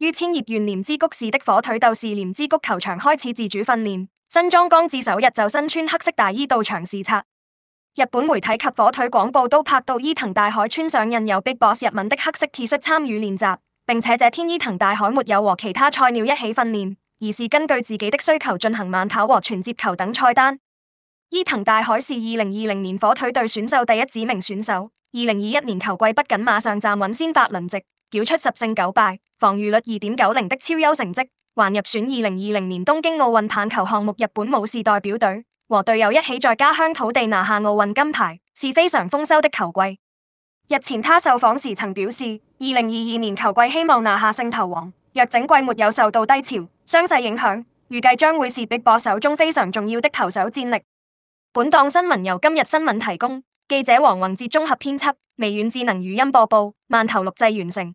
於千葉縣鐮之谷市的火腿鬥士鐮之谷球場開始自主訓練，新莊剛志首日就身穿黑色大衣到場視察。日本媒體及火腿廣報都拍到伊藤大海穿上印有 “Big Boss” 日文的黑色 T 恤參與練習，並且這天伊藤大海沒有和其他菜鳥一起訓練，而是根據自己的需求進行慢跑和傳接球等菜單。伊藤大海是二零二零年火腿隊選秀第一指名選手。二零二一年球季不僅馬上站穩先發輪值，繳出十勝九敗、防禦率二點九零的超優成績，還入選二零二零年東京奧運棒球項目日本武士代表隊，和隊友一起在家鄉土地拿下奧運金牌，是非常豐收的球季。日前他受訪時曾表示，二零二二年球季希望拿下勝投王，若整季沒有受到低潮傷勢影響，預計將會是 Big Boss 手中非常重要的投手戰力。本檔新聞由今日新聞提供。記者黃宏哲綜合編輯，微軟智能語音播報，饅頭錄製完成。